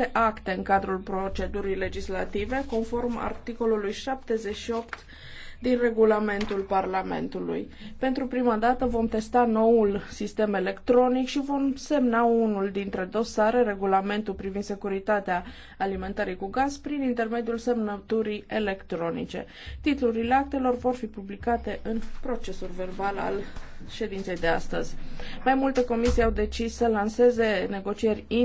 numeroase acte în cadrul procedurii legislative, conform articolului 78 din regulamentul Parlamentului. Pentru prima dată vom testa noul sistem electronic și vom semna unul dintre dosare, regulamentul privind securitatea alimentării cu gaz, prin intermediul semnăturii electronice. Titlurile actelor vor fi publicate în procesul verbal al ședinței de astăzi. Mai multe comisii au decis să lanseze negocieri